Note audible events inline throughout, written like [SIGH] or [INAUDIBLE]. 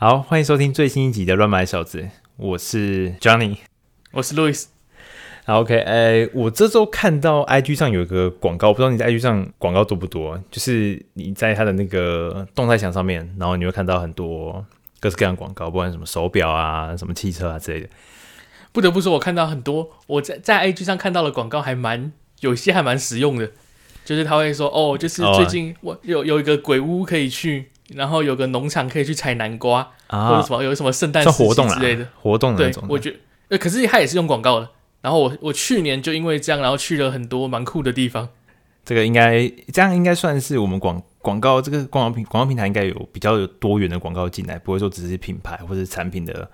好，歡迎收聽最新一集的《亂買小子》，我是 Johnny，我是 Louis。好，OK，哎、欸，我這周看到 IG 上有一個廣告，我不知道你在 IG 上廣告多不多？就是你在他的那個動態牆上面，然後你會看到很多各式各樣廣告，不管什麼手錶啊、什麼汽車啊之類的。不得不說，我看到很多我在在 IG 上看到的廣告還蠻有些還蠻實用的，就是他會說哦，就是最近我有、哦啊、有一個鬼屋可以去。然後有個農場可以去採南瓜，啊、或者什麼有什麼聖誕活動之類的活動。活動的那種的。我覺得，得、呃、可是他也是用廣告的。然後我我去年就因為這樣，然後去了很多蠻酷的地方。這個應該這樣，應該算是我們廣廣告這個廣告平廣告平台應該有比較有多元的廣告進來，不會說只是品牌或者產品的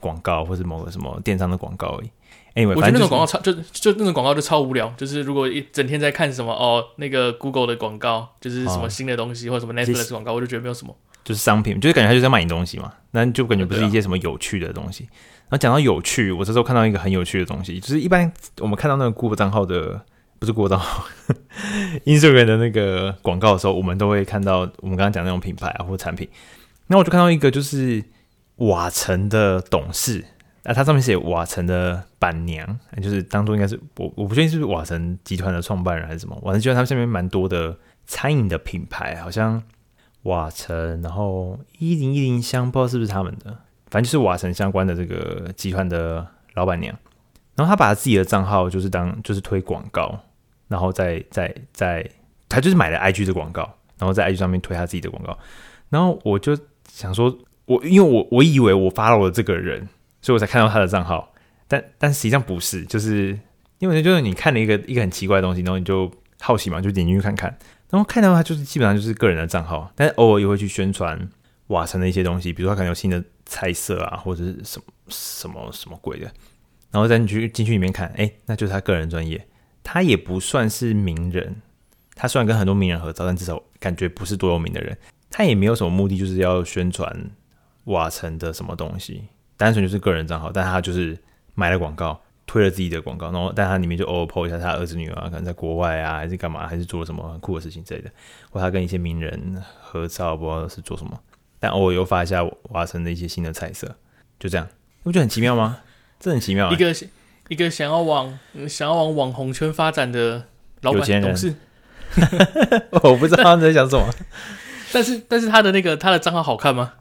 廣告，或者某個什麼電商的廣告而已。反正就是、我覺得那種廣告超就就那種廣告就超無聊，就是如果一整天在看什麼哦，那個 Google 的廣告就是什麼新的東西、哦、或者什麼 Netflix 廣告，實我就覺得沒有什麼，就是商品，就是、感覺他就是在賣你東西嘛，那就感覺不是一些什麼有趣的東西。啊、然後講到有趣，我這時候看到一個很有趣的東西，就是一般我們看到那個 Google 賬號的，不是 Google 賬號，Instagram [LAUGHS] 的那個廣告的時候，我們都會看到我們剛剛講那種品牌啊或者產品。那我就看到一個就是瓦城的董事。啊，他上面寫瓦城的板娘，就是當中應該是我，我不確定是不是瓦城集團的創辦人還是什麼。瓦城集團他們下面蠻多的餐飲的品牌，好像瓦城，然後一零一零香，不知道是不是他們的。反正就是瓦城相關的這個集團的老闆娘。然後他把自己的賬號就是當就是推廣告，然後在在在，他就是買了 IG 的廣告，然後在 IG 上面推他自己的廣告。然後我就想說，我因為我我以為我 follow 了這個人。所以我才看到他的賬號，但但實際上不是，就是因為就是你看了一個一個很奇怪的東西，然後你就好奇嘛，就點進去看看。然後看到他就是基本上就是個人的賬號，但是偶爾也會去宣傳瓦城的一些東西，比如說他可能有新的菜色啊，或者是什麼什麼什麼鬼的。然後在你去進去裡面看，哎、欸，那就是他個人專業。他也不算是名人，他雖然跟很多名人合照，但至少感覺不是多有名的人。他也沒有什麼目的，就是要宣傳瓦城的什麼東西。單純就是個人賬號，但他就是買了廣告，推了自己的廣告，然後但他裡面就偶爾 po 一下他兒子女兒、啊，可能在國外啊，還是幹嘛，還是做了什麼很酷的事情之類的，或他跟一些名人合照，不知道是做什麼，但偶爾又發一下瓦城的一些新的彩色，就這樣，那不就很奇妙嗎？這很奇妙啊、欸！一個一個想要往、嗯、想要往網紅圈發展的老板董事， [LAUGHS] [LAUGHS] [LAUGHS] 我不知道他在想什麼， [LAUGHS] 但是但是他的那個他的賬號好看嗎？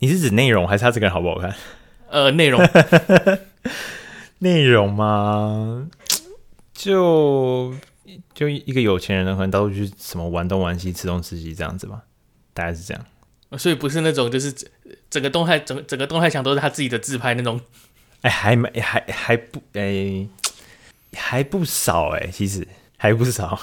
你是指內容還是他這個人好不好看？呃，內容，內 [LAUGHS] 容嗎？就就一個有錢人呢，可能到處去什麼玩東玩西，吃東吃西，這樣子嘛，大概是這樣。哦、所以不是那種，就是整個動態，整整個動態牆都是他自己的自拍那種。哎、欸，還蠻、欸，還還不，哎、欸，還不少哎、欸，其實還不少，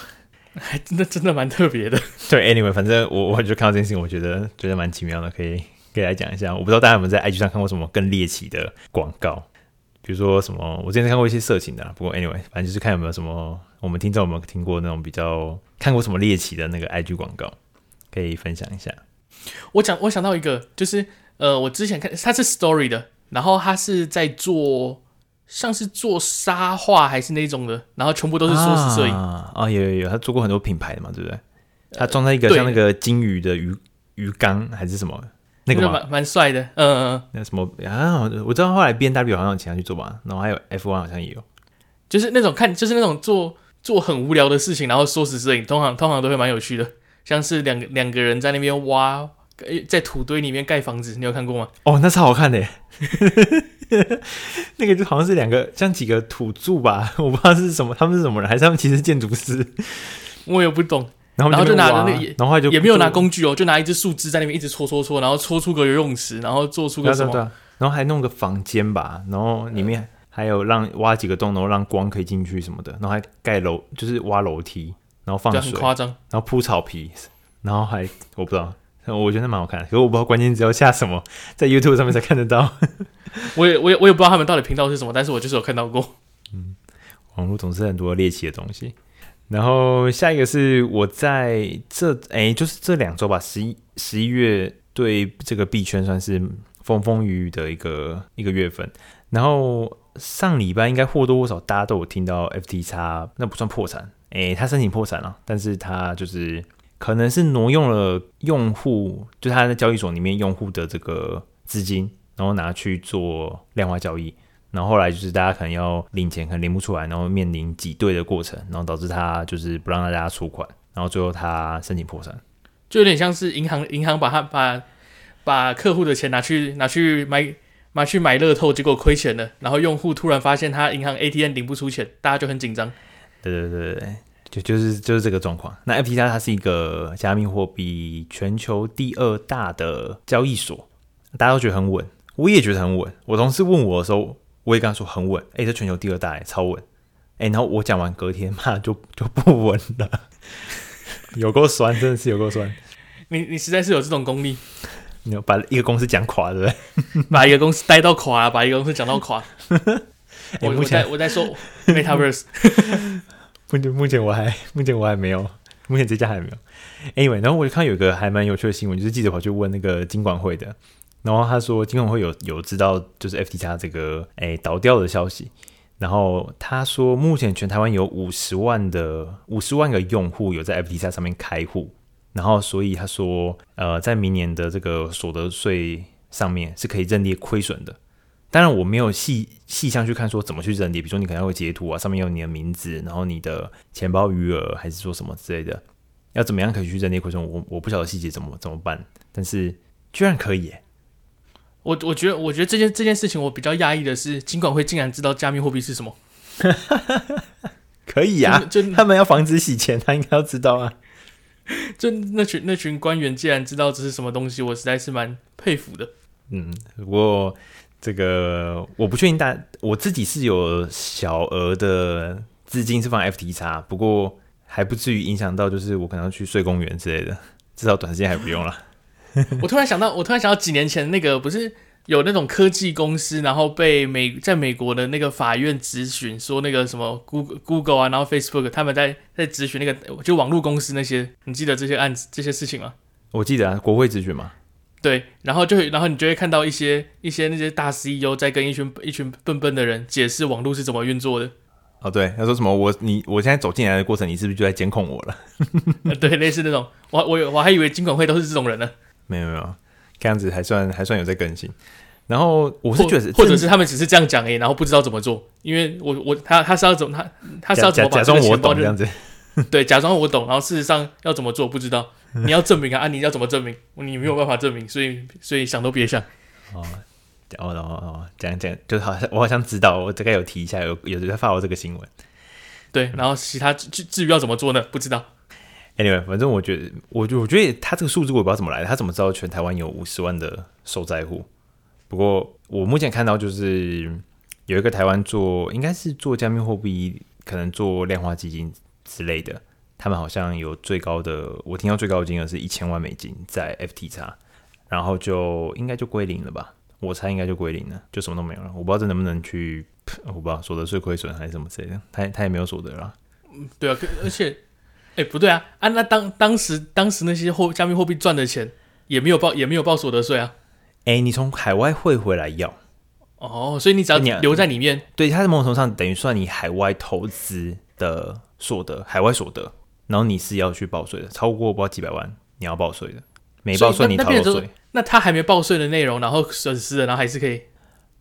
還真的真的蠻特別的。對，Anyway，反正我我就看到這件事情，我覺得覺得蠻奇妙的，可以。可以來講一下，我不知道大家有沒有在 IG 上看過什麼更獵奇的廣告？比如說什麼，我之前看過一些色情的，不過 Anyway，反正就是看有沒有什麼，我們聽眾有沒有聽過那種比較看過什麼獵奇的那個 IG 廣告，可以分享一下。我講，我想到一個，就是呃，我之前看他是 Story 的，然後他是在做像是做沙畫還是那種的，然後全部都是縮時攝影啊、哦，有有有，他做過很多品牌的嘛，對不對？他裝在一個像那個金魚的魚、呃、魚缸還是什麼？那個蠻蠻帥的，嗯嗯，那什麼啊？我知道後來 B N W 好像有請他去做吧，然後還有 F 1好像也有，就是那種看，就是那種做做很無聊的事情，然後縮時攝影，通常通常都會蠻有趣的，像是兩兩個人在那邊挖，在土堆裡面蓋房子，你有看過嗎？哦，那超好看的， [LAUGHS] 那個就好像是兩個像幾個土著吧，我不知道是什麼，他們是什麼人，還是他們其實是建築師，我也不懂。然後，就拿着那，然後就也沒有拿工具哦，就拿一隻樹枝在那邊一直戳戳戳，然後戳出個游泳池，然後做出個什麼，對啊對啊，然後還弄個房間吧，然後裡面還有讓挖幾個洞，然後讓光可以進去什麼的，然後還蓋樓，就是挖樓梯，然後放水，啊、很誇張，然後鋪草皮，然後還我不知道，我覺得蠻好看的，可是我不知道關鍵字要下什麼，在 YouTube 上面才看得到， [LAUGHS] 我也我也我也不知道他們到底頻道是什麼，但是我就是有看到過，嗯，網絡總是很多獵奇的東西。然後下一個是我在這哎，就是這兩周吧，十一十一月對，這個幣圈算是風風雨雨的一個一個月份。然後上禮拜應該或多或少大家都有聽到 FTX 那不算破產，哎，他申請破產了啊，但是他就是可能是挪用了用戶，就他在交易所裡面用戶的這個資金，然後拿去做量化交易。然後後來就是大家可能要領錢，可能領不出來，然後面臨擠兌的過程，然後導致他就是不讓大家出款，然後最後他申請破產，就有點像是銀行銀行把他把把客戶的錢拿去拿去買買，買去買樂透，結果虧錢了，然後用戶突然發現他銀行 ATM 領不出錢，大家就很緊張。對對對對，就就是就是這個狀況。那 FT 加它是一個加密貨幣全球第二大的交易所，大家都覺得很穩，我也覺得很穩。我同事問我的時候，我也跟他說很穩，哎、欸，這全球第二大、欸，哎，超穩，哎、欸，然後我講完隔天嘛，就就不穩了，有夠酸，真的是有夠酸，你你實在是有這種功力，你把一個公司講垮對不對？ [LAUGHS] 把一個公司帶到垮，把一個公司講到垮。 [LAUGHS] 欸、我目前我在，我在說，Metaverse，目前 [LAUGHS] 目前我還目前我還沒有，目前這家還沒有。Anyway，然後我就看有個還蠻有趣的新聞，就是記者跑去問那個金管會的。然後他說，金管會有有知道就是 FTX 這個誒倒掉的消息。然後他說，目前全台灣有五十萬的五十萬個用戶有在 FTX 上面開戶。然後所以他說，呃，在明年的這個所得稅上面是可以認列虧損的。當然我沒有細細項去看說怎麼去認列，比如說你可能會截圖啊，上面有你的名字，然後你的錢包餘額還是說什麼之類的，要怎麼樣可以去認列虧損？我我不曉得細節怎麼怎麼辦，但是居然可以、欸。我我覺得，我覺得這件這件事情，我比較訝異的是，金管會竟然知道加密貨幣是什麼， [LAUGHS] 可以啊，就，就他們要防止洗錢，他應該要知道啊。就那群那群官員竟然知道這是什麼東西，我實在是蠻佩服的。嗯，不過這個我不確定，大我自己是有小額的資金是放 FTX，不過還不至於影響到，就是我可能要去睡公園之類的，至少短時間還不用了。 [LAUGHS] 我突然想到，我突然想到幾年前那個不是有那種科技公司，然後被美在美國的那個法院質詢，說那個什麼 Google Google 啊，然後 Facebook 他們在在質詢那個就網絡公司那些，你記得這些案子這些事情嗎？我記得啊，國會質詢嘛。對，然後就然後你就會看到一些一些那些大 CEO 在跟一群一群笨笨的人解釋網絡是怎麼運作的。哦，對，他說什麼我你我現在走進來的過程，你是不是就在監控我了？ [LAUGHS] 呃，對，類似那種，我我我還以為金管會都是這種人呢。沒有沒有，這樣子還算還算有在更新。然後我是覺得或，或者是他們只是這樣講而已、欸，然後不知道怎麼做，因為我我他他是要怎麼他他是要怎麼假裝我懂，這樣子，對，假裝我懂，然後事實上要怎麼做不知道。你要證明啊， [LAUGHS] 啊？你要怎麼證明？你沒有辦法證明，所以所以想都別想。哦哦哦，這樣這樣，就是好像我好像知道，我這個有提一下，有有人在發我這個新聞。對，然後其他至至於要怎麼做呢？不知道。Anyway，反正我覺得，我我覺得他這個數字我也不知道怎麼來的，他怎麼知道全台灣有五十萬的受災戶？不過我目前看到就是有一個台灣做，應該是做加密貨幣，可能做量化基金之類的，他們好像有最高的，我聽到最高的金額是一千萬美金在 FTX，然後就應該就歸零了吧？我猜應該就歸零了，就什麼都沒有了。我不知道這能不能去，呃，我不知道所得稅虧損還是什麼之類的，他他也沒有所得了啦。對啊，而且。 [LAUGHS] 哎、欸，不對啊！啊，那當當時當時那些貨加密貨幣賺的錢也沒有報，也沒有報所得稅啊。哎、欸，你從海外匯回來要。哦，所以你只要留在裡面。啊、對，他在某種程度上等於算你海外投資的所得，海外所得，然後你是要去報稅的，超過不知道幾百萬，你要報稅的。沒報稅，你逃稅。那他還沒報稅的內容，然後損失的，然後還是可以。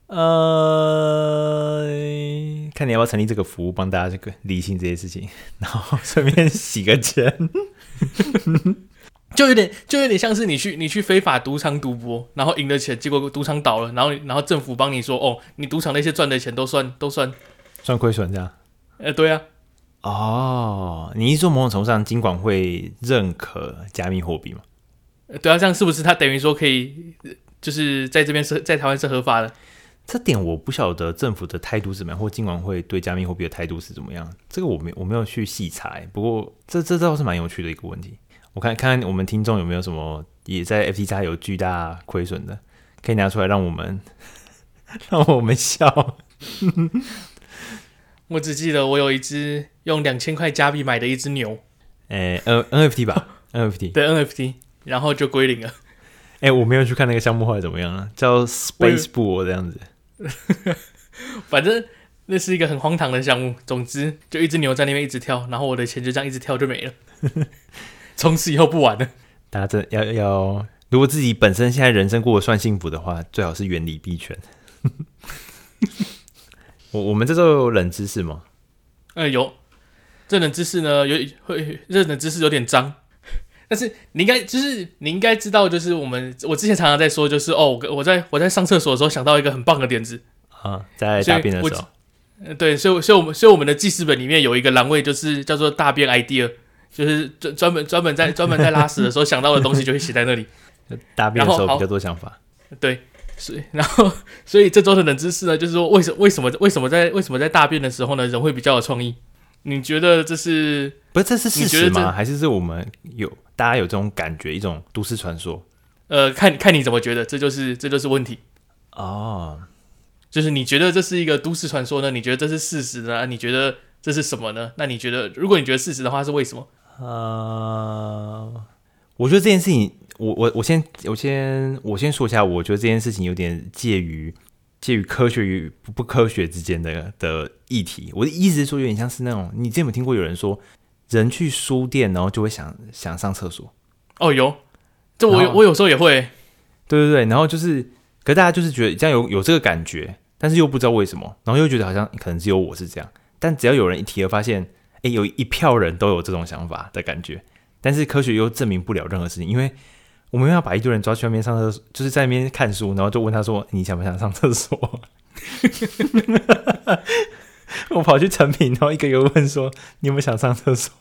呃。看你要不要成立這個服務，幫大家這個理性這些事情，然後順便洗個錢， [LAUGHS] [LAUGHS] 就有點就有點像是你去你去非法賭場賭博，然後贏了錢，結果賭場倒了，然後然後政府幫你說，哦，你賭場那些賺的錢都算都算算虧損這樣、呃？對啊，哦，oh, 你一說某種程度上金管會認可加密貨幣嗎、呃？對啊，這樣是不是他等於說可以，就是在這邊是，在台灣是合法的？這點我不曉得政府的態度是怎麼樣，或金管會對加密貨幣的態度是怎麼樣。這個我沒我沒有去細查、欸，不過這這倒是蠻有趣的一個問題。我看看，看我們聽眾有沒有什麼也在 FTX 有巨大虧損的，可以拿出來讓我們讓我們笑。 [LAUGHS] 我只記得我有一隻用兩千塊加幣買的一隻牛，哎、欸、，N, NFT 吧 [LAUGHS] ，NFT 對 NFT，然後就歸零了。哎、欸，我沒有去看那個項目後來怎麼樣了、啊，叫 Space Bull 這樣子。 [LAUGHS] 反正那是一個很荒唐的項目，總之就一只牛在那邊一直跳，然後我的錢就這樣一直跳就沒了。從 [LAUGHS] 此以後不玩了。大家真要要，如果自己本身現在人生過得算幸福的話，最好是遠離幣圈。 [LAUGHS] 我我們這周有冷知識嗎？哎、欸，有。這冷知識呢？有會熱，冷知識有點髒。但是你應該就是你應該知道，就是我們我之前常常在說，就是哦，我在我在上廁所的時候想到一個很棒的點子啊，在大便的時候，對，所以所以我們所以我們的記事本裡面有一個欄位，就是叫做“大便 idea”，就是專專門專門在專門在拉屎的時候想到的東西，就會寫在那裡。 [LAUGHS] 大便的時候比較多想法，對，是然後所以這周的冷知識呢，就是說為什為什麼為什麼在為什麼在大便的時候呢，人會比較有創意？你覺得這是不是這是事實嗎？還是是我們有大家有這種感覺，一種都市傳說？呃，看看你怎麼覺得，這就是這就是問題哦，就是你覺得這是一個都市傳說呢？你覺得這是事實呢？你覺得這是什麼呢？那你覺得，如果你覺得事實的話，是為什麼？啊、呃，我覺得這件事情，我我我先我先我先說一下，我覺得這件事情有點介於。介於科學與不科學之間的的議題，我的意思是說，有點像是那種，你之前有沒有聽過有人說，人去書店，然後就會想想上廁所？哦，有，這我我有時候也會，對對對，然後就是，可是大家就是覺得這樣有有這個感覺，但是又不知道為什麼，然後又覺得好像可能只有我是這樣，但只要有人一提，而發現，哎、欸，有一票人都有這種想法的感覺，但是科學又證明不了任何事情，因為。我們要把一堆人抓去外面上廁所，就是在那邊看書，然後就問他說：“你想不想上廁所？” [LAUGHS] [LAUGHS] 我跑去成品，然後一個一個問說：“你有沒有想上廁所？”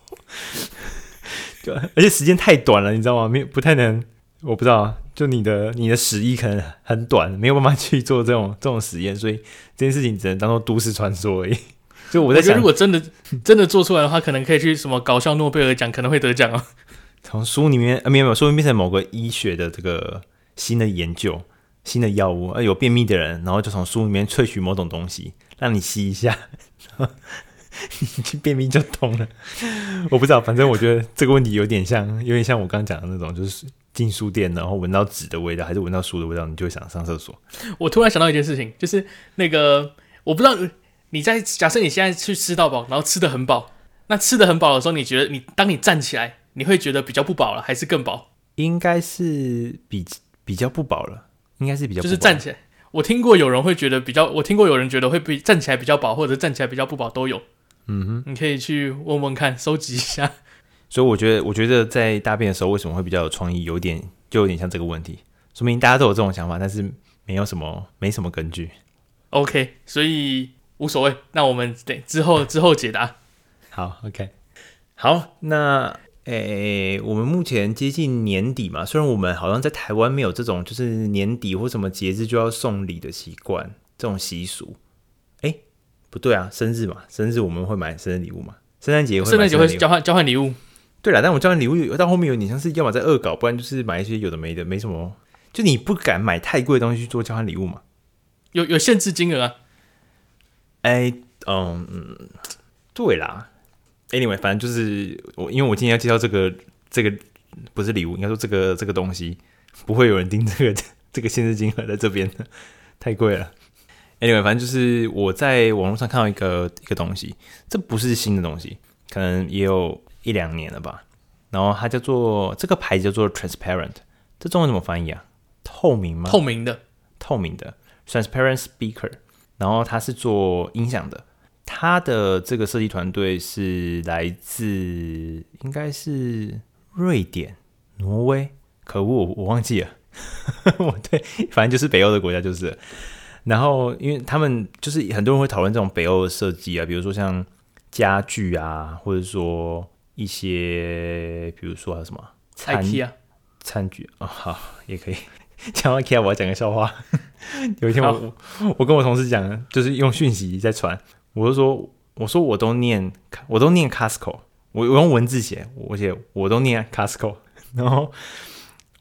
[LAUGHS] 就而且時間太短了，你知道嗎？沒不太能，我不知道。就你的你的屎意可能很短，沒有辦法去做這種這種實驗，所以這件事情只能當做都市傳說而已。就我在想我覺得，如果真的真的做出來的話，可能可以去什麼搞笑諾貝爾獎，可能會得獎從書裡面啊，沒有沒有，書裡面變成某個醫學的這個新的研究、新的藥物啊，有便祕的人，然後就從書裡面萃取某種東西，讓你吸一下，你去 [LAUGHS] 便祕就通了。 [LAUGHS] 我不知道，反正我覺得這個問題有點像， [LAUGHS] 有點像我剛剛講的那種，就是進書店然後聞到紙的味道，還是聞到書的味道，你就會想上廁所。我突然想到一件事情，就是那個我不知道你在假設你現在去吃到飽，然後吃的很飽，那吃的很飽的時候，你覺得你當你站起來。你會覺得比較不飽了，還是更飽？應該是比比較不飽了，應該是比較不飽了，就是站起來。我聽過有人會覺得比較，我聽過有人覺得會比站起來比較飽，或者站起來比較不飽都有。嗯哼，你可以去問問看，收集一下。所以我覺得，我覺得在大便的時候為什麼會比較有創意，有點就有點像這個問題，說明大家都有這種想法，但是沒有什麼沒什麼根據。OK，所以無所謂。那我們等之後之後解答。好，OK， [LAUGHS] 好，okay. 好，那。哎、欸，我們目前接近年底嘛，雖然我們好像在台灣沒有這種就是年底或什麼節日就要送禮的習慣，這種習俗。哎、欸，不對啊，生日嘛，生日我們會買生日禮物嘛。聖誕節，聖誕節會交換交換禮物。對了，但我交換禮物到後面有，你像是要麼在惡搞，不然就是買一些有的沒的，沒什麼。就你不敢買太貴的東西去做交換禮物嘛，有有限制金額啊。哎、欸，嗯嗯，對啦。Anyway，反正就是我，因為我今天要介紹這個這個不是禮物，應該說這個這個東西不會有人盯這個這個現金金額在這邊的，太貴了。Anyway，反正就是我在網絡上看到一個一個東西，這不是新的東西，可能也有一兩年了吧。然後它叫做這個牌子叫做 Transparent，這中文怎麼翻譯啊？透明嗎？透明的，透明的，Transparent Speaker，然後它是做音響的。他的這個設計團隊是來自，應該是瑞典、挪威，可惡，我忘記了。 [LAUGHS] 我對，反正就是北歐的國家就是。然後，因為他們就是很多人會討論這種北歐的設計啊，比如說像家具啊，或者說一些，比如說還有什麼餐啊、餐具啊，哦，好也可以。講完 K，我要講個笑話。 [LAUGHS] 有一天我，我好我跟我同事講，就是用訊息在傳。我就說，我說我都念，我都念 Costco，我我用文字寫，我寫我都念 Costco，然後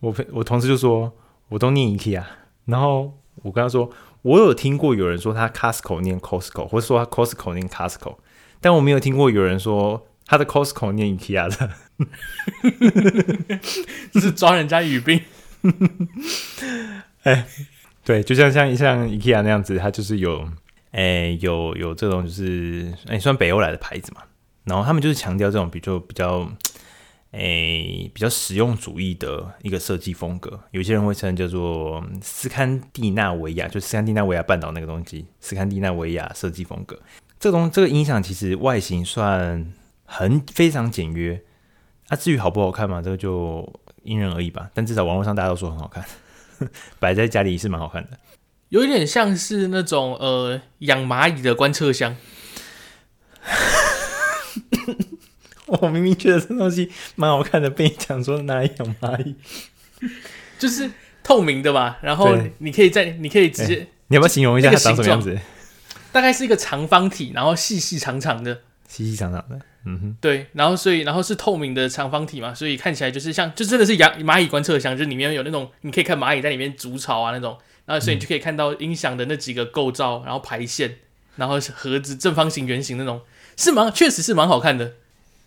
我朋我同事就說，我都念 IKEA，然後我跟他說，我有聽過有人說他 Costco 念 Costco，或者說他 Costco 念 Costco，但我沒有聽過有人說他的 Costco 念 IKEA 的，就是抓人家語病。哎，對，就像像像 IKEA 那樣子，他就是有。誒，有有這種就是誒，算北歐來的牌子嘛。然後他們就是強調這種，比較比較，誒，比較實用主義的一個設計風格。有些人會稱叫做斯堪蒂納維亞，就斯堪蒂納維亞半島那個東西，斯堪蒂納維亞設計風格。這東這個音響其實外形算很非常簡約。那、啊、至於好不好看嘛，這個就因人而異吧。但至少網絡上大家都說很好看，擺在家裡也是蠻好看的。有一點像是那種呃養螞蟻的觀測箱。 [LAUGHS] 我明明覺得這東西蠻好看的，被你講說拿來養螞蟻，就是透明的嘛。然後你可以在，對你可以直接、欸、你要不要形容一下它長什麼樣子？大概是一個長方體，然後細細長長的，細細長長的，嗯哼，對。然後所以然後是透明的長方體嘛，所以看起來就是像，就真的是養螞蟻觀測箱，就是裡面有那種你可以看螞蟻在裡面築巢啊那種。啊，所以你就可以看到音響的那幾個構造，嗯、然後排線，然後盒子正方形、圓形那種，是蠻，確實是蠻好看的。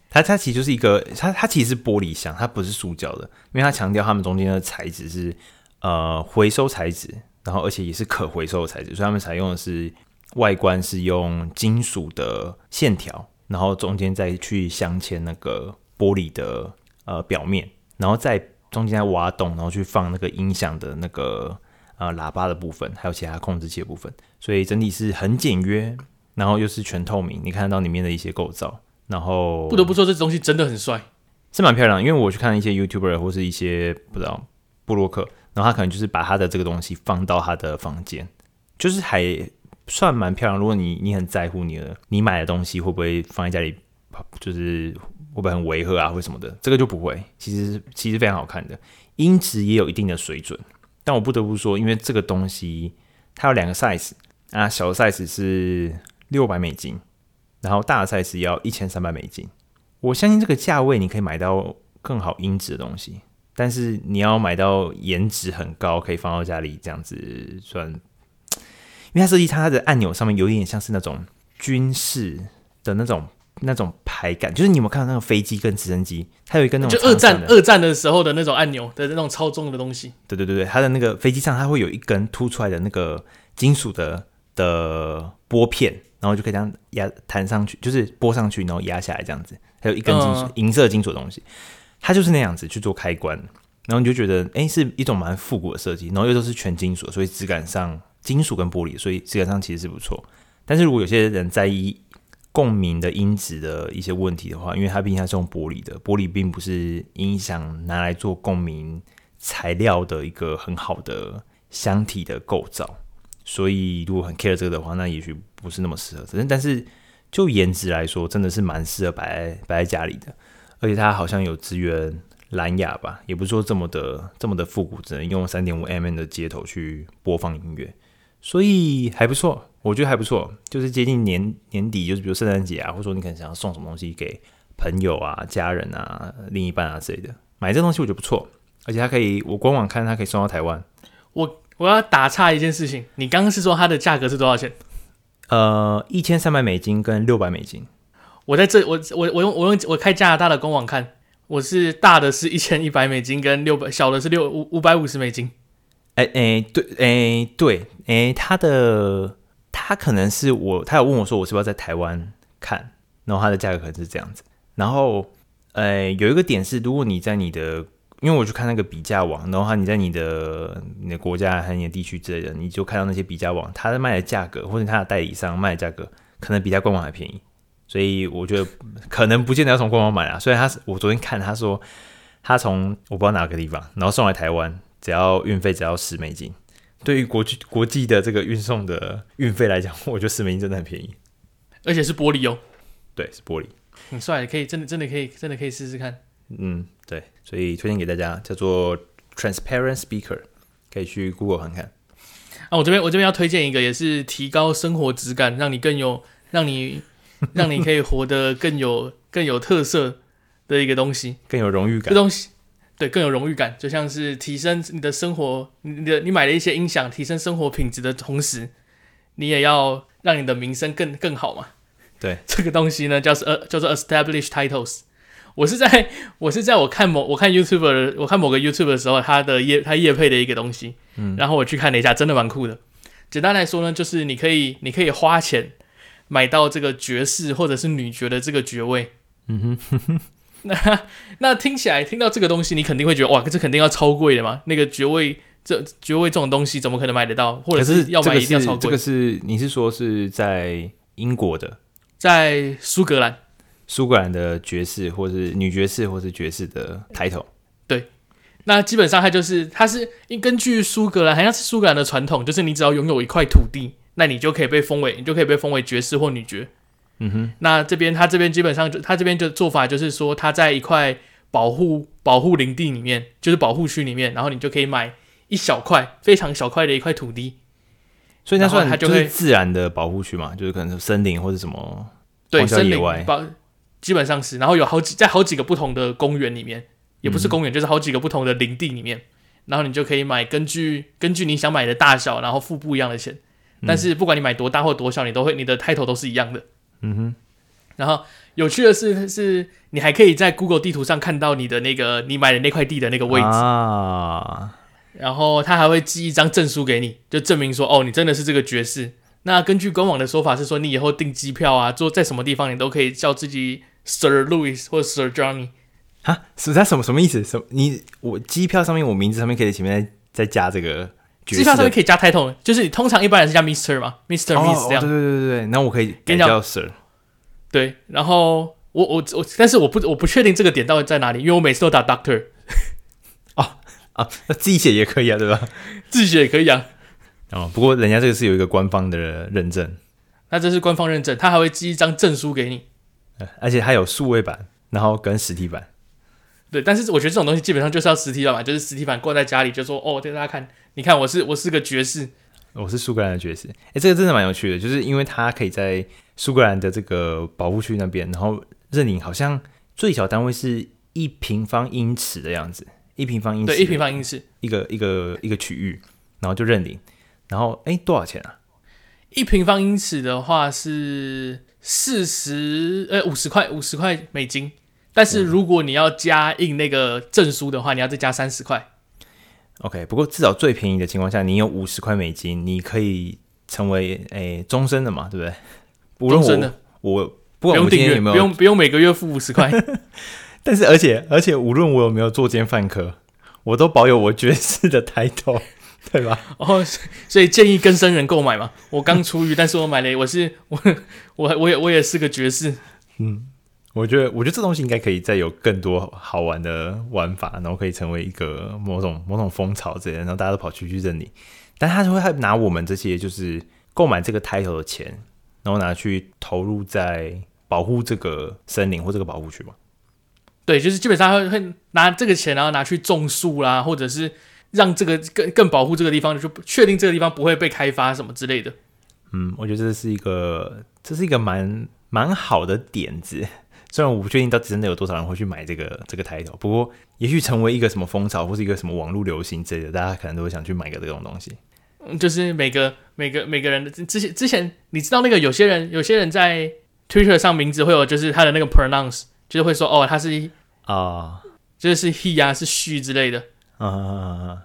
它它其實就是一個，它它其實是玻璃箱，它不是塑膠的，因為它強調它們中間的材質是呃回收材質，然後而且也是可回收的材質，所以他們採用的是外觀是用金屬的線條，然後中間再去鑲嵌那個玻璃的呃表面，然後再中間再挖洞，然後去放那個音響的那個。啊，喇叭的部分還有其他控制器的部分，所以整體是很簡約，然後又是全透明，你看得到裡面的一些構造。然後不得不說，這東西真的很帥，是蠻漂亮。因為我去看一些 YouTuber 或是一些不知道布洛克，然後他可能就是把他的這個東西放到他的房間，就是還算蠻漂亮。如果你你很在乎你的，你買的東西會不會放在家裡，就是會不會很違和啊，或什麼的？這個就不會，其實其實非常好看的，音質也有一定的水準。但我不得不說，因為這個東西它有兩個 size，啊，小的 size 是六百美金，然後大的 size 要一千三百美金。我相信這個價位你可以買到更好音質的東西，但是你要買到顏值很高，可以放到家裡這樣子算，因為它設計它的按鈕上面有一點像是那種軍事的那種。那種排感，就是你有沒有看到那個飛機跟直升機，它有一根那種常常就二戰二戰的時候的那種按鈕的那種操縱的東西。對對對對，它的那個飛機上，它會有一根凸出來的那個金屬的的撥片，然後就可以這樣壓彈上去，就是撥上去，然後壓下來這樣子。還有一根金屬銀、嗯嗯、色金屬的東西，它就是那樣子去做開關，然後你就覺得哎、欸、是一種蠻復古的設計，然後又都是全金屬，所以質感上金屬跟玻璃，所以質感上其實是不錯。但是如果有些人在意。共鳴的音質的一些問題的話，因為它畢竟它是用玻璃的，玻璃並不是音響拿來做共鳴材料的一個很好的箱體的構造，所以如果很 care 這個的話，那也許不是那麼適合的。反正，但是就顏值來說，真的是蠻適合擺在擺在家裡的，而且它好像有支援藍牙吧，也不是說這麼的這麼的複古，只能用三點五 mm 的接頭去播放音樂，所以還不錯。我覺得還不錯，就是接近年年底，就是比如聖誕節啊，或者說你可能想要送什麼東西給朋友啊、家人啊、另一半啊之類的，買這東西我覺得不錯，而且它可以，我官網看它可以送到台灣。我我要打岔一件事情，你剛剛是說它的價格是多少錢？呃，一千三百美金跟六百美金。我在這，我我我用我用我開加拿大的官網看，我是大的是一千一百美金跟六百，小的是六五五百五十美金。哎哎、欸欸，對，哎、欸、對，哎、欸、它的。他可能是我，他有問我說，我是不是要在台灣看，然後它的價格可能是這樣子。然後，呃、欸，有一個點是，如果你在你的，因為我去看那個比價網，然後你在你的你的國家和你的地區之類的，你就看到那些比價網，他在賣的價格或者他的代理商賣的價格，可能比他官網還便宜。所以我覺得可能不見得要從官網買啊。雖然他是我昨天看他說，他從我不知道哪個地方，然後送來台灣，只要運費只要十美金。對於國際國際的這個運送的運費來講，我覺得四百真的很便宜，而且是玻璃哦。對，是玻璃，很帥，可以真的真的可以真的可以試試看。嗯，對，所以推薦給大家叫做 Transparent Speaker，可以去 Google 看看。啊，我這邊我這邊要推薦一個，也是提高生活質感，讓你更有，讓你讓你可以活得更有 [LAUGHS] 更有特色的一個東西，更有榮譽感，這東西。對，更有榮譽感，就像是提升你的生活，你的你買了一些音響，提升生活品質的同時，你也要讓你的名聲更更好嘛。對，這個東西呢，叫是、呃、叫做 Established Titles。我是在我是在我看某我看 YouTuber，我看某個 YouTuber 的時候，他的業他業配的一個東西，嗯，然後我去看了一下，真的蠻酷的。簡單來說呢，就是你可以你可以花錢買到這個爵士或者是女爵的這個爵位，嗯哼哼哼。 [LAUGHS] 那那聽起來，聽到這個東西，你肯定會覺得哇，這肯定要超貴的嘛！那個爵位，這爵位這種東西怎麼可能買得到？或者是要買，一定要超貴？這個是你是說是在英國的，在蘇格蘭，蘇格蘭的爵士，或是女爵士，或是爵士的抬頭。對，那基本上它就是，它是根據蘇格蘭，好像是蘇格蘭的傳統，就是你只要擁有一塊土地，那你就可以被封為，你就可以被封為爵士或女爵。嗯哼，那這邊他這邊基本上就他這邊就做法就是說他在一塊保護保護林地裡面，就是保護區裡面，然後你就可以買一小塊非常小塊的一塊土地。所以他算他就，就是自然的保護區嘛，就是可能森林或者什麼對，森林、保、荒郊野外。基本上是，然後有好幾在好幾個不同的公園裡面，也不是公園，嗯哼，就是好幾個不同的林地裡面，然後你就可以買根據根據你想買的大小，然後付不一樣的錢。但是不管你買多大或多小，你都會你的 title 都是一樣的。嗯哼，然後有趣的是，是你還可以在 Google 地圖上看到你的那個你買的那塊地的那個位置啊，然後他還會寄一張證書給你，就證明說哦，你真的是這個爵士。那根據官網的說法是說，你以後訂機票啊，坐在什麼地方，你都可以叫自己 Sir Louis 或者 Sir Johnny。啊，Sir 是什麼什麼意思什麼你我機票上面我名字上面可以前面再加這個？機票上面可以加 title，的就是你通常一般也是加 Mister 嗎？Mister Miss、oh, 這樣。Oh, 對對對對，那我可以給你叫 Sir。對，然後我我我，但是我不我不確定這個點到底在哪裡，因為我每次都打 Doctor、哦。啊啊，那自己寫也可以啊，對吧？自己寫也可以啊。哦，不過人家這個是有一個官方的認證。那這是官方認證，他還會寄一張證書給你。而且他有數位版，然後跟實體版。對，但是我覺得這種東西基本上就是要實體版嘛，就是實體版掛在家裡，就說哦，對大家看，你看我是我是個爵士，我是蘇格蘭的爵士。哎，這個真的蠻有趣的，就是因為它可以在蘇格蘭的這個保護區那邊，然後認領，好像最小單位是一平方英尺的樣子，一平，平方英尺，對，一平方英尺，一個一個一個區域，然後就認領，然後哎多少錢啊？一平方英尺的話是四十呃五十塊五十塊美金。但是如果你要加印那個證書的話，嗯、你要再加三十塊。OK，不過至少最便宜的情況下，你有五十塊美金，你可以成為誒終身的嘛，對不對？終身的，我不管我們今天有沒有不用，有沒有，不用不用每個月付五十塊， [LAUGHS] 但是而且而且無論我有沒有作奸犯科，我都保有我爵士的 title，對吧？哦，oh, 所以建議更生人購買嘛。 [LAUGHS] 我剛出獄，但是我買了，我是我我，我也我也是個爵士，嗯。我覺得，我覺得這東西應該可以再有更多好玩的玩法，然後可以成為一個某種某種風潮之類的，然後大家都跑去去認領。但他會會拿我們這些就是購買這個抬頭的錢，然後拿去投入在保護這個森林或這個保護區嗎？對，就是基本上會會拿這個錢，然後拿去種樹啦，或者是讓這個更更保護這個地方，就確定這個地方不會被開發什麼之類的。嗯，我覺得這是一個這是一個蠻蠻好的點子。雖然我不確定到底真的有多少人會去買這個這個台頭，不過也許成為一個什麼風潮，或是一個什麼網絡流行之類的，大家可能都會想去買個這種東西。嗯，就是每個每個每個人的之前之前，之前你知道那個有些人有些人在 Twitter 上名字會有，就是他的那個 pronounce，就是會說，哦，他是、oh. 是，是啊，就是 he 呀，是 she 之類的啊、oh.，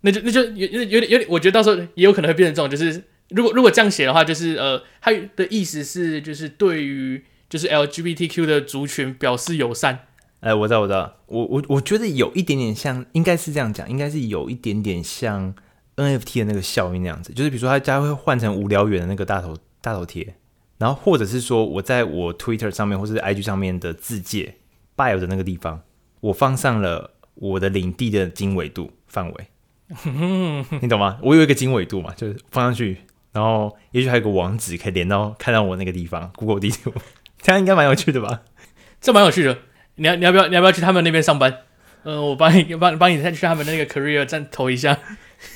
那就那就有有有點有點，我覺得到時候也有可能會變成這種，就是如果如果這樣寫的話，就是呃，他的意思是就是對於。就是 LGBTQ 的族群表示友善，哎，我知道，我知道，我我我覺得有一點點像，應該是這樣講，應該是有一點點像 NFT 的那個效應那樣子。就是比如說他家會換成無聊猿的那個大頭大頭貼，然後或者是說我在我 Twitter 上面或是 IG 上面的自介 Bio 的那個地方，我放上了我的領地的經緯度範圍， [LAUGHS] 你懂嗎？我有一個經緯度嘛，就是放上去，然後也許還有個網址可以連到看到我那個地方，Google 地圖。這樣應該蠻有趣的吧？這蠻有趣的。你要你要不要你要不要去他們那邊上班？嗯、呃，我幫你，幫幫你再去他們那個 career 站投一下。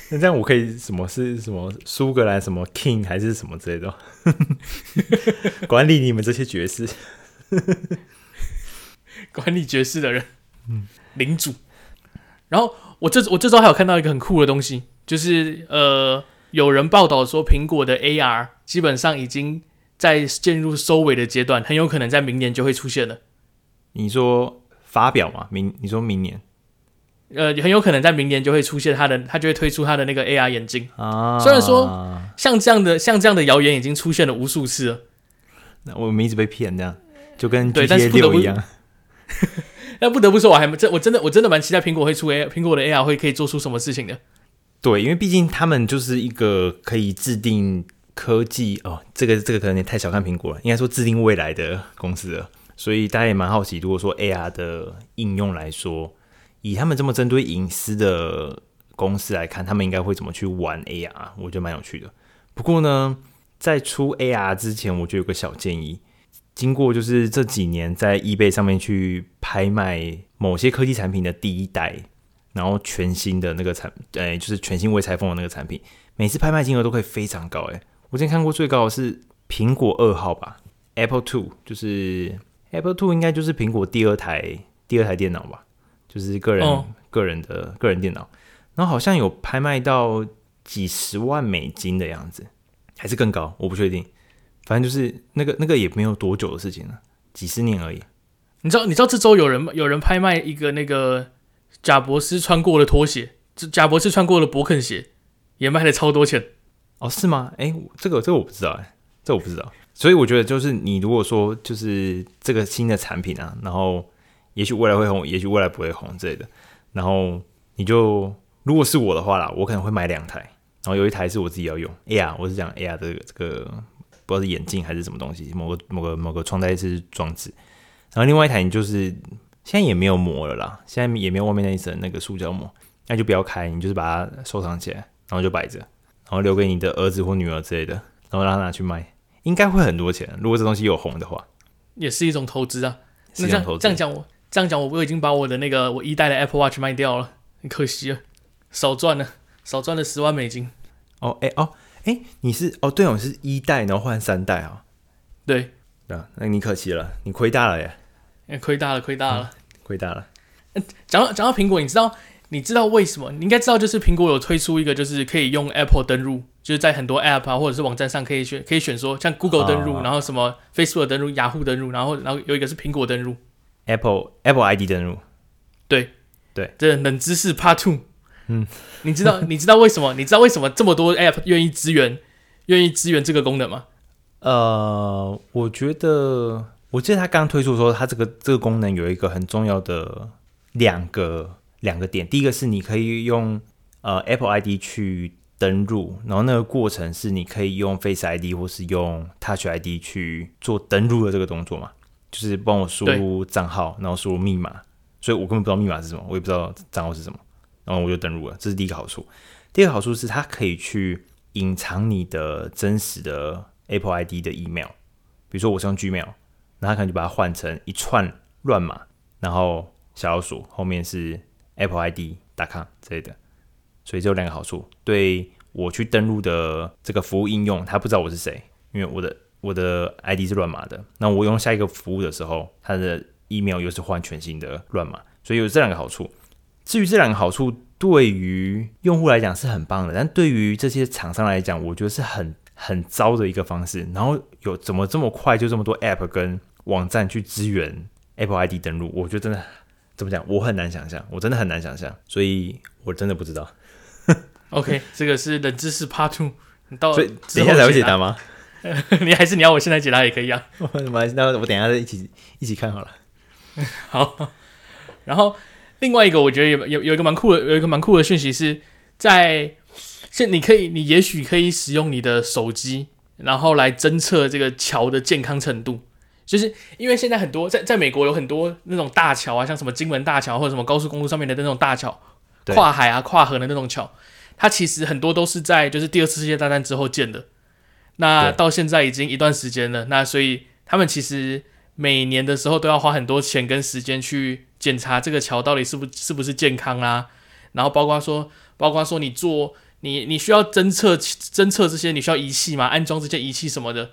那這樣我可以什麼是什麼蘇格蘭什麼 king 還是什麼之類的， [LAUGHS] 管理你們這些爵士， [LAUGHS] 管理爵士的人，嗯，領主。然後我這我這周還有看到一個很酷的東西，就是呃，有人報道說蘋果的 AR 基本上已經。在進入收尾的階段，很有可能在明年就會出現了。你說發表嗎？明你說明年，呃，很有可能在明年就會出現他的，他就會推出他的那個 AR 眼鏡啊。雖然說像這樣的像這樣的謠言已經出現了無數次了，那我們一直被騙，這樣就跟 GTA 六一樣。不不 [LAUGHS] 那不得不說，我還真我真的我真的蠻期待蘋果會出 A，蘋果的 AR 會可以做出什麼事情的。對，因為畢竟他們就是一個可以制定。科技哦，這個這個可能也太小看蘋果了，應該說制定未來的公司了。所以大家也蠻好奇，如果說 AR 的應用來說，以他們這麼針對隱私的公司來看，他們應該會怎麼去玩 AR？我覺得蠻有趣的。不過呢，在出 AR 之前，我就有個小建議。經過就是這幾年在 eBay 上面去拍賣某些科技產品的第一代，然後全新的那個產，哎、欸，就是全新未拆封的那個產品，每次拍賣金額都可以非常高，欸，哎。我曾經看過最高的是蘋果二號吧，Apple Two，就是 Apple Two，應該就是蘋果第二台第二台電腦吧，就是個人、哦、個人的個人電腦。然後好像有拍賣到幾十萬美金的樣子，還是更高，我不確定。反正就是那個那個也沒有多久的事情了，幾十年而已。你知道你知道這周有人有人拍賣一個那個賈伯斯穿過的拖鞋，這賈伯斯穿過的勃肯鞋也賣了超多錢。哦，是嗎？哎，這個這個我不知道哎，這我不知道。所以我覺得就是你如果說就是這個新的產品啊，然後也許未來會紅，也許未來不會紅之類的。然後你就如果是我的話啦，我可能會買兩台，然後有一台是我自己要用。哎呀，我是講哎呀，這個這個不知道是眼鏡還是什麼東西，某個某個某個穿戴式裝置。然後另外一台你就是現在也沒有膜了啦，現在也沒有外面那一層那個塑膠膜，那就不要開，你就是把它收藏起來，然後就擺着。然後留給你的兒子或女兒之類的，然後讓他拿去賣，應該會很多錢。如果這東西有紅的話，也是一種投資啊。那那這樣這樣，投資這樣講我這樣講我我已經把我的那個我一代的 Apple Watch 賣掉了，很可惜啊，少賺了少賺了十萬美金。哦哎哦哎，你是哦對哦是一代，然後換三代、哦、對啊。對，那那你可惜了，你虧大了耶！哎，虧大了，虧大了，嗯、虧大了。講到講到蘋果，你知道？你知道為什麼？你應該知道，就是蘋果有推出一個，就是可以用 Apple 登入，就是在很多 App 啊，或者是網站上可以選，可以選說像 Google 登入，呃、然後什麼 Facebook 登入、Yahoo 登入，然後然後有一個是蘋果登入，Apple Apple ID 登入。對對，對這冷知識 Part Two。嗯，你知道你知道為什麼？你知道為什麼這麼多 App 願意支援願意支援這個功能嗎？呃，我覺得我記得他剛推出的時候，他這個這個功能有一個很重要的兩個。兩個點，第一個是你可以用呃 Apple ID 去登入，然後那個過程是你可以用 Face ID 或是用 Touch ID 去做登入的這個動作嘛，就是幫我輸入賬號，對然後輸入密碼，所以我根本不知道密碼是什麼，我也不知道賬號是什麼，然後我就登入了，這是第一個好處。第二個好處是它可以去隱藏你的真實的 Apple ID 的 email，比如說我是用 Gmail，那他可能就把它換成一串亂碼，然後小老鼠後面是。Apple ID，打卡之類的，所以這有兩個好處。對，我去登錄的這個服務應用，他不知道我是誰，因為我的我的 ID 是亂碼的。那我用下一個服務的時候，他的 email 又是換全新的亂碼，所以有這兩個好處。至於這兩個好處，對於用戶來講是很棒的，但對於這些廠商來講，我覺得是很很糟的一個方式。然後有怎麼這麼快就這麼多 App 跟網站去支援 Apple ID 登錄？我覺得真的。怎麼講？我很難想象，我真的很難想象，所以我真的不知道。 [LAUGHS] OK，這個是冷知識 Part Two。你到以，底等一下才會解答嗎？ [LAUGHS] 你還是你要我現在解答也可以啊。我 [LAUGHS] 那我等一下再一起一起看好了。 [LAUGHS] 好。然後另外一個，我覺得有有有一個蠻酷的，有一個蠻酷的訊息是在現，你可以，你也許可以使用你的手機，然後來偵測這個橋的健康程度。就是因為現在很多在在美國有很多那種大橋啊，像什麼金門大橋或者什麼高速公路上面的那種大橋，對跨海啊、跨河的那種橋，它其實很多都是在就是第二次世界大戰之後建的。那到現在已經一段時間了，對那所以他們其實每年的時候都要花很多錢跟時間去檢查這個橋到底是不是不是健康啊，然後包括說包括說你做你你需要偵測偵測這些你需要儀器嗎？安裝這些儀器什麼的。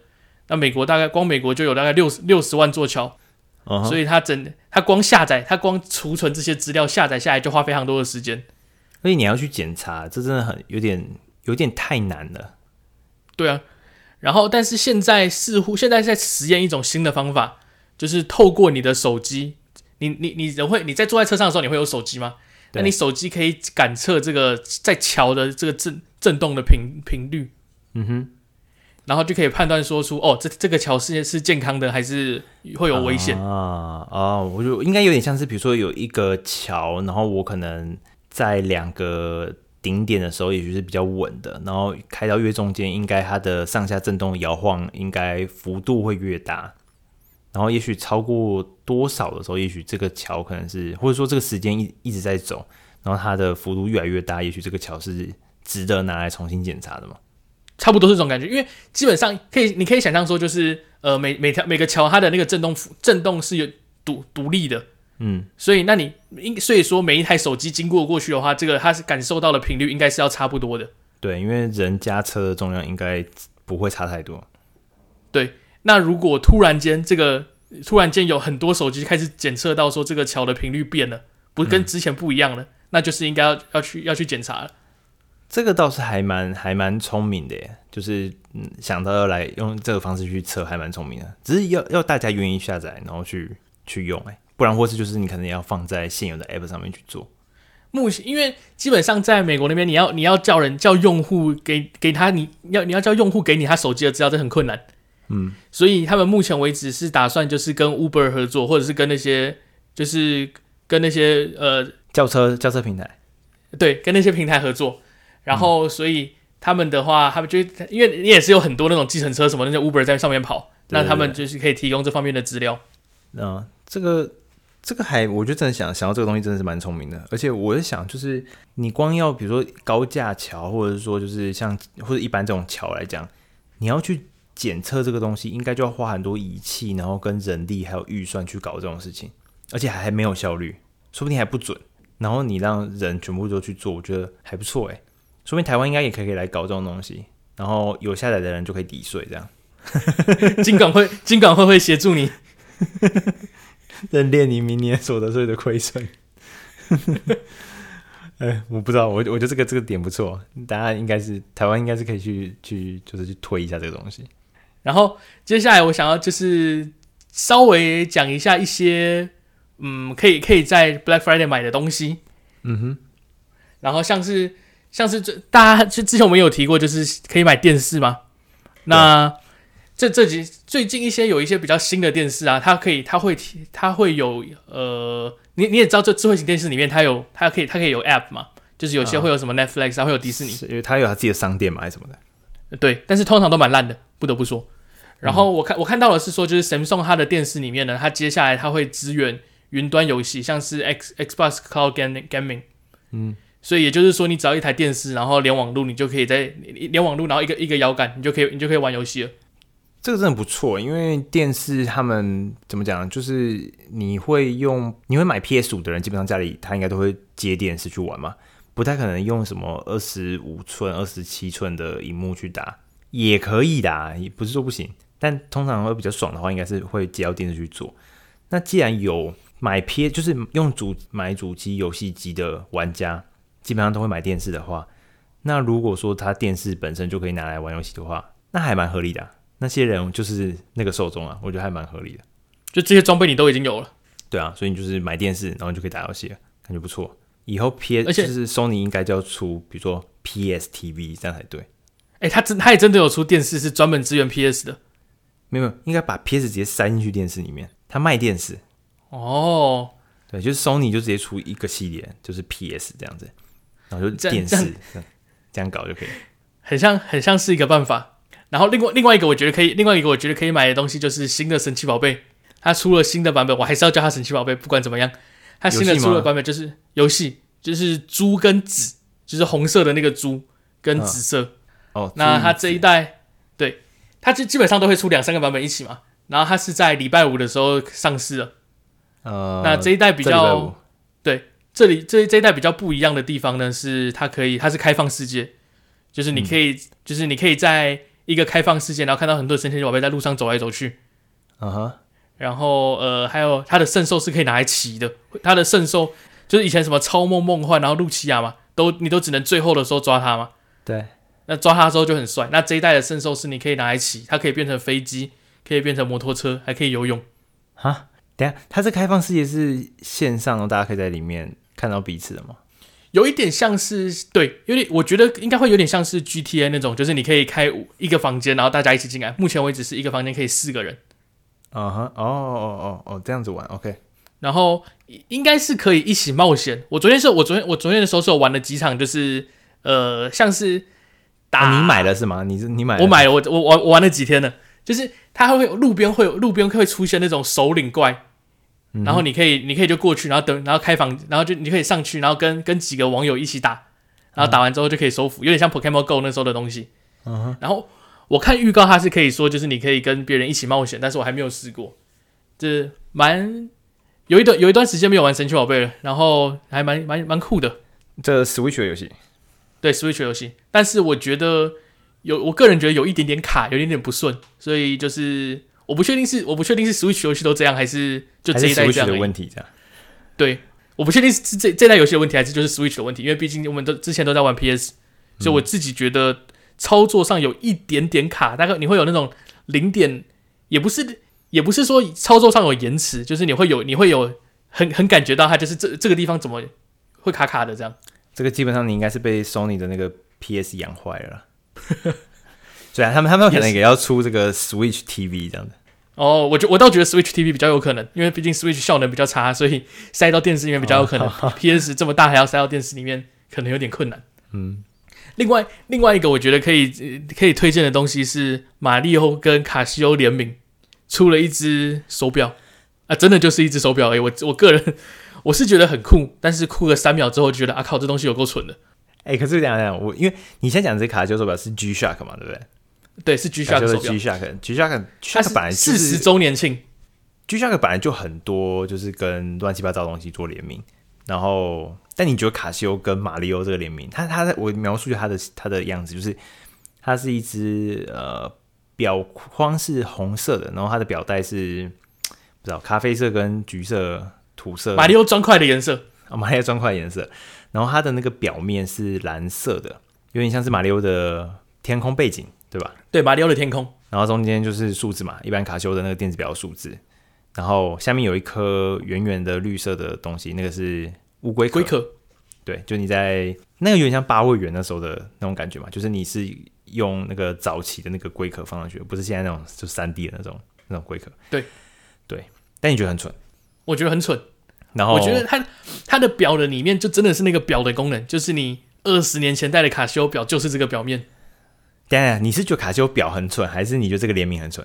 那美國大概光美國就有大概六十六十萬座橋，Uh-huh. 所以它整它光下載，它光儲存這些資料，下載下來就花非常多的時間。所以你要去檢查，這真的很有點有點太難了。對啊，然後但是現在似乎現在在實驗一種新的方法，就是透過你的手機，你你你，你人會你在坐在車上的時候，你會有手機嗎？對那你手機可以感測這個在橋的這個震震動的頻頻率。嗯哼。然後就可以判斷說出哦，這這個橋是是健康的還是會有危險啊。哦、啊、我覺得應該有點像是，比如說有一個橋，然後我可能在兩個頂點的時候，也許是比較穩的，然後開到越中間，應該它的上下震動搖晃應該幅度會越大，然後也許超過多少的時候，也許這個橋可能是或者說這個時間一一直在走，然後它的幅度越來越大，也許這個橋是值得拿來重新檢查的嘛？差不多是這種感覺，因為基本上可以，你可以想象說，就是呃，每每條每個橋它的那個震動幅震動是有獨獨立的，嗯，所以那你，所以說每一台手機經過過去的話，這個它是感受到的頻率應該是要差不多的。對，因為人加車的重量應該不會差太多。對，那如果突然間這個突然間有很多手機開始檢測到說這個橋的頻率變了，不、嗯、跟之前不一樣了，那就是應該要要去要去檢查了。這個倒是還蠻還蠻聰明的耶，就是嗯想到要來用這個方式去測，還蠻聰明的。只是要要大家願意下載，然後去去用，哎，不然或是就是你可能要放在現有的 App 上面去做。目前因為基本上在美國那邊，你要你要叫人叫用戶給給他，你要你要叫用戶給你他手機的資料，這很困難。嗯，所以他們目前為止是打算就是跟 Uber 合作，或者是跟那些就是跟那些呃叫車叫車平台，對，跟那些平台合作。然後，所以他們的話，他們就因為你也是有很多那種計程車什麼那些 Uber 在上面跑，對對對對，那他們就是可以提供這方面的資料。嗯，這個這個還，我就真的想想到這個東西真的是蠻聰明的。而且我就想，就是你光要比如說高架橋，或者是說就是像或者一般這種橋來講，你要去檢測這個東西，應該就要花很多儀器，然後跟人力還有預算去搞這種事情，而且還還沒有效率，說不定還不準。然後你讓人全部都去做，我覺得還不錯誒、欸。說明台灣應該也可以來搞這種東西，然後有下載的人就可以抵稅，這樣。金 [LAUGHS] 管會金管會不會協助你認列 [LAUGHS] 你明年所得稅的虧損？哎， [LAUGHS] 我不知道，我我覺得這個這個點不錯，答案應該是台灣應該是可以去去就是去推一下這個東西。然後接下來我想要就是稍微講一下一些嗯可以可以在 Black Friday 買的東西，嗯哼，然後像是。像是這大家之之前我們有提過，就是可以買電視嗎？那對這這集最近一些有一些比較新的電視啊，它可以它會它會有呃，你你也知道這智慧型電視裡面它有它可以它可以有 app 嘛，就是有些會有什麼 Netflix 啊，它會有迪士尼，因為它有它自己的商店嘛，還是什麼的。對，但是通常都蠻爛的，不得不說。然後我看、嗯、我看到的是說，就是 Samsung 它的電視裡面呢，它接下來它會支援雲端遊戲，像是 X Xbox Cloud Gaming，嗯。所以也就是說，你只要一台電視，然後連網路，你就可以在連網路，然後一個一個搖桿，你就可以你就可以玩遊戲了。這個真的不錯，因為電視他們怎麼講，就是你會用，你會買 PS 五的人，基本上家裡他應該都會接電視去玩嘛，不太可能用什麼二十五寸、二十七寸的熒幕去打，也可以的，也不是說不行。但通常會比較爽的話，應該是會接到電視去做。那既然有買 PS5，就是用主買主機遊戲機的玩家。基本上都會買電視的話，那如果說他電視本身就可以拿來玩遊戲的話，那還蠻合理的、啊。那些人就是那個受眾啊，我覺得還蠻合理的。就這些裝備你都已經有了，對啊，所以你就是買電視，然後你就可以打遊戲了，感覺不錯。以後 PS，而且，就是 Sony 應該就要出，比如說 PS TV 這樣才對。哎、欸，他真他也真的有出電視是專門支援 PS 的，沒有，應該把 PS 直接塞進去電視裡面，他賣電視。哦，對，就是 Sony 就直接出一個系列，就是 PS 這樣子。然後、哦、就電視，這樣，這，樣這樣搞就可以，很像很像是一個辦法。然後另外另外一個我覺得可以，另外一個我覺得可以買的東西就是新的神奇寶貝，它出了新的版本，我還是要叫它神奇寶貝，不管怎麼樣，它新的出的版本就是遊戲，就是朱跟紫，就是紅色的那個朱跟紫色。啊、哦，那它這一代，對，它基基本上都會出兩三個版本一起嘛。然後它是在禮拜五的時候上市的，呃、那這一代比較，對。這裡這裡這一代比較不一樣的地方呢，是它可以，它是開放世界，就是你可以，嗯、就是你可以在一個開放世界，然後看到很多的神奇寶貝在路上走來走去，啊哈、嗯哼，然後呃，還有它的聖獸是可以拿來騎的，它的聖獸就是以前什麼超夢夢幻，然後露琪亞嘛，都你都只能最後的時候抓它嘛。對，那抓它的時候就很帥。那這一代的聖獸是你可以拿來騎，它可以變成飛機，可以變成摩托車，還可以游泳。啊，等下，它是開放世界是線上，大家可以在裡面。看到彼此了嗎？有一點像是對，有點我覺得應該會有點像是 GTA 那種，就是你可以開一個房間，然後大家一起進來。目前為止是一個房間可以四個人。哦哦哦哦哦，huh. oh, oh, oh, oh, oh, 這樣子玩 OK。然後應該是可以一起冒險。我昨天是我昨天我昨天的時候，我玩了幾場，就是呃，像是打、啊、你買了是嗎？你是你買,了是我買了？我買，我我玩我玩了幾天了，就是它會路邊會路邊會有路邊會出現那種首領怪。然後你可以，你可以就過去，然後等，然後開房，然後就你可以上去，然後跟跟幾個網友一起打，然後打完之後就可以收服，有點像 Pokémon Go 那時候的東西。嗯哼。然後我看預告，它是可以說就是你可以跟別人一起冒險，但是我還沒有試過。這蠻有一段有一段時間沒有玩神奇寶貝了，然後還蠻蠻蠻酷的。這 Switch 的遊戲。對 Switch 的遊戲，但是我覺得有，我個人覺得有一點點卡，有一點點不順，所以就是。我不確定是我不確定是 Switch 遊戲都這樣，還是就這一代遊戲的問題這樣。對，我不確定是這這代遊戲的問題，還是就是 Switch 的問題，因為畢竟我們都之前都在玩 PS，所以、嗯、我自己覺得操作上有一點點卡，大概你會有那種零點，也不是也不是說操作上有延遲，就是你會有你會有很很感覺到它就是這這個地方怎麼會卡卡的這樣。這個基本上你應該是被 Sony 的那個 PS 養壞了。 [LAUGHS] 對啊，他們他們可能也要出這個 Switch TV 這樣的。哦，oh, 我覺我倒覺得 Switch TV 比較有可能，因為畢竟 Switch 效能比較差，所以塞到電視裡面比較有可能。Oh, PS 這麼大還要塞到電視裡面，可能有點困難。嗯，另外另外一個我覺得可以可以推薦的東西是瑪利歐跟卡西歐聯名出了一隻手表，啊，真的就是一隻手表。哎，我我個人我是覺得很酷，但是酷了三秒之後就覺得啊靠，這東西有夠蠢的。欸，可是講講我，因為你先講這卡西歐手表是 G Shock 嘛，對不對？對，是 G-Shock 就是 G-Shock G-Shock 本來四十周年慶 G-Shock 本來就很多，就是跟亂七八糟的東西做聯名。然後，但你覺得卡西歐跟馬里奧這個聯名，他它在我描述它的他的樣子，就是它是一只呃，表框是紅色的，然後它的表帶是不知道咖啡色跟橘色土色，馬里奧磚塊的顏色，哦，馬里奧磚塊的顏色。然後它的那個表面是藍色的，有點像是馬里奧的天空背景。對吧？對，瑪利歐的天空，然後中間就是數字嘛，一般卡西歐的那個電子錶數字，然後下面有一顆圓圓的綠色的東西，那個是烏龜龜殼。殼對，就你在那個有點像八位元的時候的那種感覺嘛，就是你是用那個早期的那個龜殼放上去，不是現在那種就三 D 的那種那種龜殼。對，對，但你覺得很蠢？我覺得很蠢。然後我覺得它它的錶的裡面就真的是那個錶的功能，就是你二十年前戴的卡西歐錶就是這個錶面。當然，yeah, 你是覺得卡西歐表很蠢，還是你覺得這個聯名很蠢？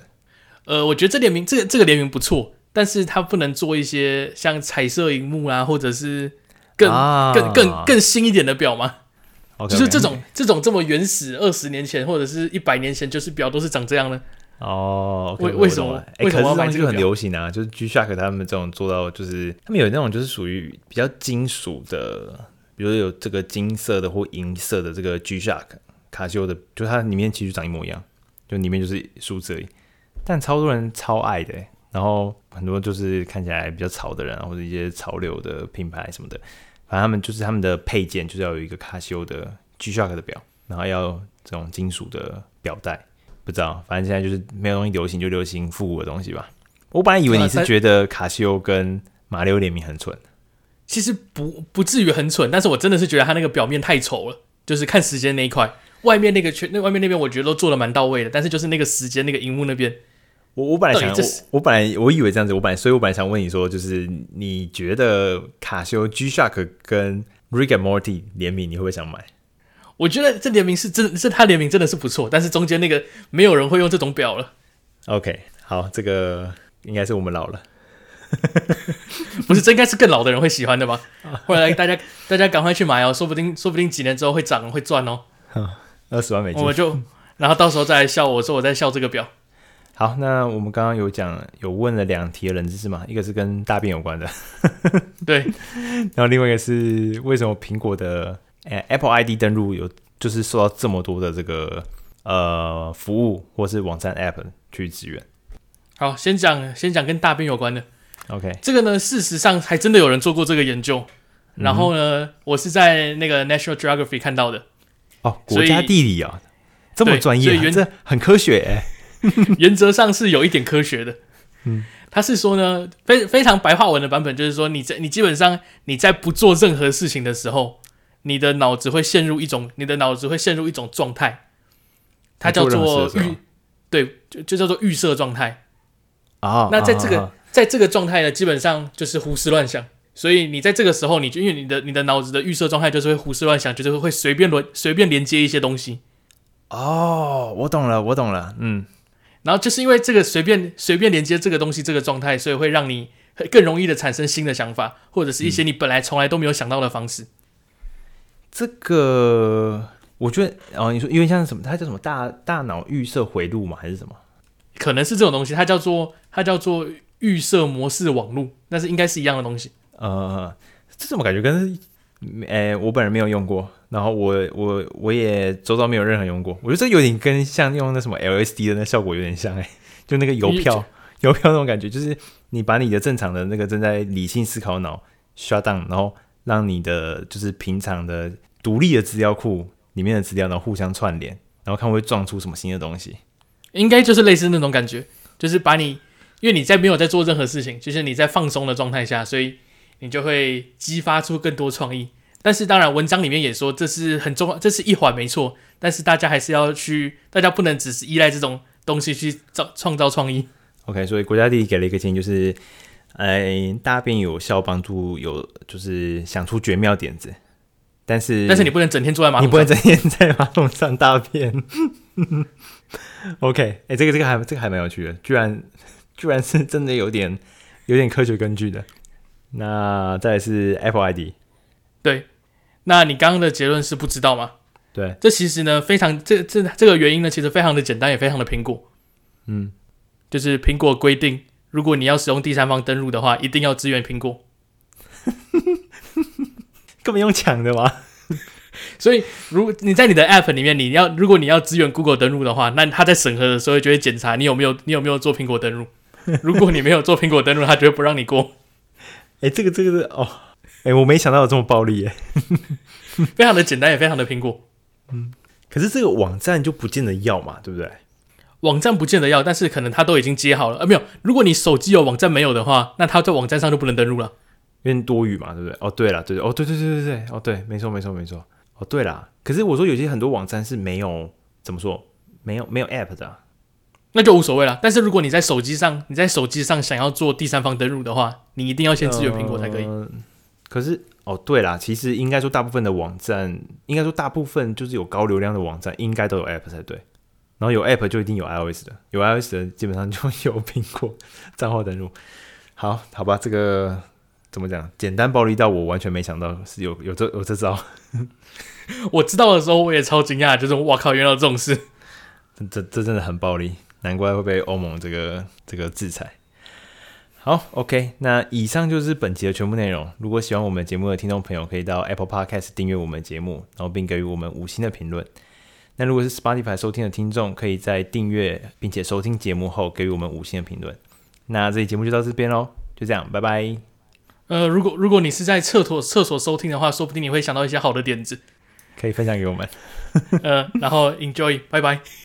呃，我覺得這聯名，這個這個聯名不錯，但是它不能做一些像彩色熒幕啊，或者是更、啊、更更更新一點的表嗎？Okay, 就是這種 okay, 這種這麼原始，二十年前或者是一百年前就是表都是長這樣的。哦，為為什麼？哎，可是這個很流行啊！就是 G-Shock 他們這種做到，就是他們有那種就是屬於比較金屬的，比如說有這個金色的或銀色的這個 G-Shock。卡西歐的，就它裡面其實長一模一樣，就裡面就是數字而已，但超多人超愛的、欸，然後很多就是看起來比較潮的人，或者一些潮流的品牌什麼的，反正他們就是他們的配件就是要有一個卡西歐的 G-Shock 的錶，然後要這種金屬的錶帶，不知道，反正現在就是沒有東西流行，就流行復古的東西吧。我本來以為你是覺得卡西歐跟瑪利歐聯名很蠢，啊、其實不不至於很蠢，但是我真的是覺得它那個表面太醜了，就是看時間那一塊。外面那個圈，那外面那邊，我覺得都做的蠻到位的。但是就是那個時間，那個熒幕那邊，我我本來想，我，我本來我以為這樣子，我本來，所以我本來想問你說，就是你覺得卡西歐 G-Shock 跟 Rick and Morty 聯名，你會不會想買？我覺得這聯名是真，這他聯名真的是不錯。但是中間那個沒有人會用這種錶了。OK，好，這個應該是我們老了， [LAUGHS] 不是這應該是更老的人會喜歡的吧？ [LAUGHS] 後來大家大家趕快去買哦、喔，說不定說不定幾年之後會漲會賺哦、喔。 [LAUGHS] 二十萬美金，我就，然後到時候再來笑。我說我在笑這個表。好，那我們剛剛有講，有問了兩題的冷知識嘛，一個是跟大便有關的， [LAUGHS] 對。然後另外一個是為什麼蘋果的 Apple ID 登錄有就是受到這麼多的這個呃服務或是網站 App 去支援。好，先講先講跟大便有關的。OK，這個呢，事實上還真的有人做過這個研究。嗯、然後呢，我是在那個 National Geography 看到的。哦，國家地理啊、哦，這麼專業，所以原則很科學，欸。 [LAUGHS] 原則上是有一點科學的。嗯，他是說呢，非非常白話文的版本就是說，你在你基本上你在不做任何事情的時候，你的腦子會陷入一種，你的腦子會陷入一種狀態，它叫做預、嗯，對，就就叫做預設狀態。啊，oh, 那在這個 oh, oh, oh. 在這個狀態呢，基本上就是胡思亂想。所以你在這個時候，你就因為你的你的腦子的預設狀態就是會胡思亂想，就是會隨便連隨便連接一些東西。哦，我懂了，我懂了，嗯。然後就是因為這個隨便隨便連接這個東西這個狀態，所以會讓你更容易的產生新的想法，或者是一些你本來從來都沒有想到的方式。這個我覺得，哦，你說因為像什麼，它叫什麼“大大腦預設回路”嘛，還是什麼？可能是這種東西，它叫做它叫做預設模式網路，但是應該是一樣的東西。呃，這怎麼感覺跟……哎、欸，我本人沒有用過，然後我我我也周遭沒有任何用過。我覺得這有點跟像用那什麼 LSD 的那效果有點像，欸，哎，就那個郵票，其實，郵票那種感覺，就是你把你的正常的那個正在理性思考腦 shut down，然後讓你的就是平常的獨立的資料庫裡面的資料，然後互相串聯，然後看會撞出什麼新的東西。應該就是類似那種感覺，就是把你因為你在沒有在做任何事情，就是你在放鬆的狀態下，所以。你就會激發出更多創意，但是當然，文章裡面也說這是很重要，這是一環沒錯。但是大家還是要去，大家不能只是依賴這種東西去創造創造創意。OK，所以國家地理給了一個建議，就是哎，大便有效幫助有就是想出絕妙點子，但是但是你不能整天坐在馬桶上，你不能整天在馬桶上大便。 [LAUGHS] OK，哎、欸，這個這個還這個還蠻有趣的，居然居然是真的有點有點科學根據的。那再來是 Apple ID，對，那你剛剛的結論是不知道嗎？對，這其實呢非常這這這個原因呢其實非常的簡單，也非常的蘋果，嗯，就是蘋果規定，如果你要使用第三方登錄的話，一定要支援蘋果， [LAUGHS] 根本用搶的嘛。所以如果你在你的 App 裡面，你要如果你要支援 Google 登錄的話，那他在審核的時候就會檢查你有沒有你有沒有做蘋果登錄，如果你沒有做蘋果登錄，他絕對不讓你過。哎、欸，這個這個是哦，哎、欸，我沒想到有這麼暴力耶，哎 [LAUGHS] 非常的簡單，也非常的蘋果，嗯，可是這個網站就不見得要嘛，對不對？網站不見得要，但是可能他都已經接好了啊，沒有，如果你手機有網站沒有的話，那他在網站上就不能登錄了，有點多餘嘛，對不對？哦，對啦，對對，哦，對對對對對，哦，對，沒錯沒錯沒錯，哦，對啦，可是我說有些很多網站是沒有怎麼說沒有沒有 app 的、啊。那就無所謂了。但是如果你在手機上，你在手機上想要做第三方登錄的話，你一定要先支援蘋果才可以。呃、可是哦，對啦，其實應該說大部分的網站，應該說大部分就是有高流量的網站，應該都有 app 才對。然後有 app 就一定有 iOS 的，有 iOS 的基本上就有蘋果賬號登錄。好好吧，這個怎麼講？簡單暴力到我完全沒想到是有有這有這招。 [LAUGHS] 我知道的時候我也超驚訝，就是哇靠，原來這種事，這這真的很暴力。難怪會被歐盟這個這個制裁。好，OK，那以上就是本集的全部內容。如果喜歡我們節目的聽眾朋友，可以到 Apple Podcast 訂閱我們節目，然後並給予我們五星的評論。那如果是 Spotify 收聽的聽眾，可以在訂閱並且收聽節目後給予我們五星的評論。那這期節目就到這邊嘍，就這樣，拜拜。呃，如果如果你是在廁所廁所收聽的話，說不定你會想到一些好的點子，可以分享給我們。 [LAUGHS] 呃，然後 Enjoy，拜拜。